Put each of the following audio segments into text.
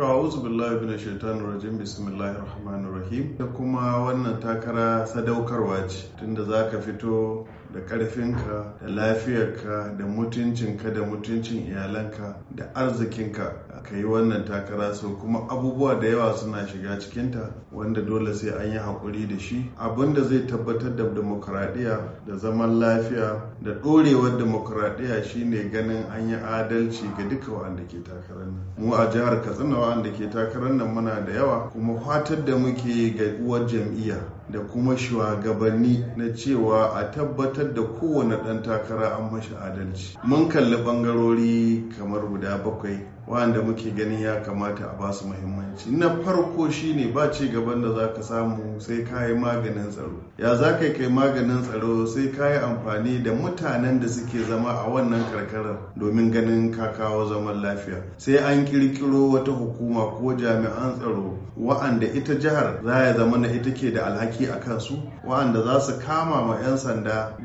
Ra'uzu billahi minash shaitanir rajim bismillahir rahmanir rahim. Da kuma wannan takara sadaukarwa ce tunda za ka fito da karfinka da lafiyarka da mutuncinka da mutuncin iyalanka da arzikinka aka yi wannan takara so kuma abubuwa da yawa suna shiga cikinta wanda dole sai an yi haƙuri da shi Abun da zai tabbatar da demokuraɗiyya da zaman lafiya da ɗorewar demokuraɗiyya shine ganin an yi adalci ga duka wa'anda ke takarar nan mu a jihar katsina wa'anda ke takarar nan muna da yawa kuma fatar da muke ga uwar jam'iyya da kuma shugabanni na cewa a tabbatar da kowane ɗan takara an mashi adalci mun kalli ɓangarori kamar guda bakwai wa'anda muke ganin ya kamata a basu muhimmanci na farko shine ba ci gaban da za ka samu sai ka yi maganin tsaro ya za ka kai maganin tsaro sai ka yi amfani da mutanen da suke zama a wannan karkarar domin ganin ka kawo zaman lafiya sai an kirkiro wata hukuma ko jami'an tsaro wa'anda ita jihar za ya zama na ita ke da alhaki a kansu wa'anda za su kama ma 'yan sanda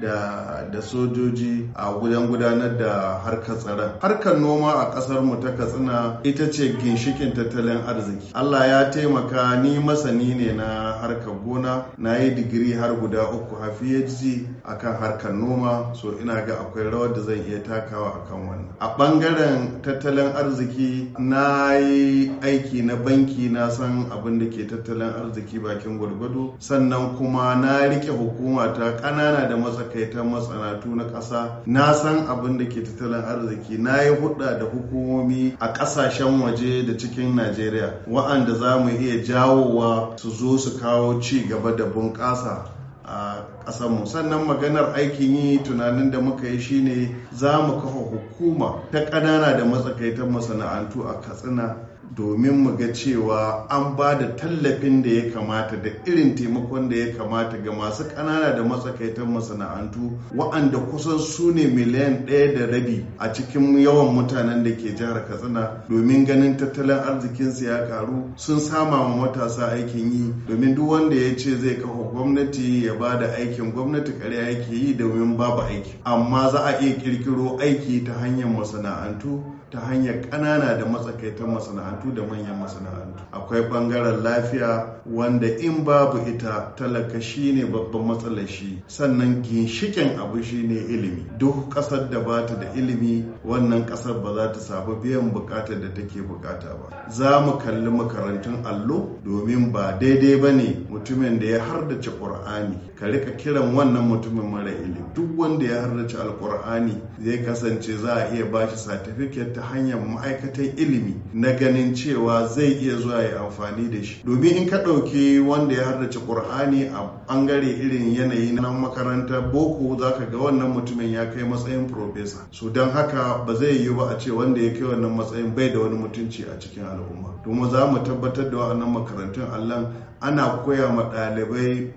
da sojoji a gudan gudanar da harkar tsaron harkar noma a ƙasar mu ta katsina ita ce ginshikin tattalin arziki Allah ya taimaka ni masani ne na harkar gona na yi digiri har guda uku a PhD akan harkar noma so ina ga akwai rawar da zan iya takawa kan wannan a bangaren tattalin arziki na yi aiki na banki na san abin da ke tattalin arziki bakin gwargwado sannan kuma na rike hukuma ta ƙanana da matsakaitan masana'antu na ƙasa na san abin da ke tattalin arziki na yi hudda da hukumomi a ƙasa kasashen waje da cikin najeriya wa'anda za mu iya jawowa su zo su kawo ci gaba da bunƙasa a ƙasarmu sannan maganar aikin yi tunanin da muka yi shine za mu kafa hukuma ta ƙanana da matsakaitar masana'antu a katsina domin mu ga cewa an ba da tallafin da ya kamata da irin taimakon da ya kamata ga masu ƙanana da matsakaitan masana'antu wa'anda kusan su ne miliyan ɗaya da rabi a cikin yawan mutanen da ke jihar katsina domin ganin tattalin arzikinsu ya karu sun sama wa matasa aikin yi domin duk wanda ya ce zai kafa gwamnati ya ba da aikin gwamnati ƙarya yake yi domin babu aiki amma za a iya ƙirƙiro aiki ta hanyar masana'antu ta hanyar ƙanana da matsakaitan masana'antu da manyan masana'antu akwai ɓangaren lafiya wanda in babu ita talaka ne babban matsalashi sannan ginshikin abu ne ilimi duk ƙasar da bata da ilimi wannan ƙasar ba za ta sabu biyan buƙatar da take buƙata ba za mu kalli makarantun allo domin ba daidai ba ne mutumin da ya hardace ƙur'ani ka rika kiran wannan mutumin mara ilimi duk wanda ya hardace alƙur'ani zai kasance za a iya bashi satifiket ta hanyar ma'aikatan ilimi na ganin cewa zai iya zuwa ya amfani da shi domin in ka ɗauki wanda ya haddace Kur'ani a bangare irin yanayi na makaranta boko za ka ga wannan mutumin ya kai matsayin profesa Su don haka ba zai yiwu ba a ce wanda ya kai wannan matsayin bai da wani mutunci a cikin al'umma domin za mu tabbatar da wa'annan makarantun allon? ana koya ma ɗalibai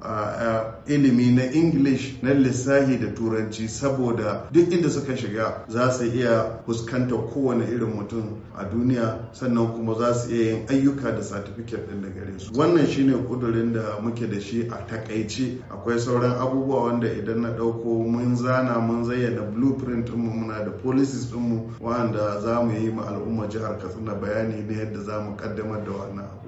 ilimi na English na lissahi da turanci saboda duk inda suka shiga za su iya fuskanta kowane irin mutum a duniya sannan kuma za su iya yin ayyuka da satifiket ɗin da gare su wannan shine kudurin da muke da shi a takaice akwai sauran abubuwa wanda idan na ɗauko mun zana mun zayyana blueprint ɗinmu muna da policies ɗinmu wanda za mu yi ma al'ummar jihar katsina bayani na yadda za mu ƙaddamar da wannan abu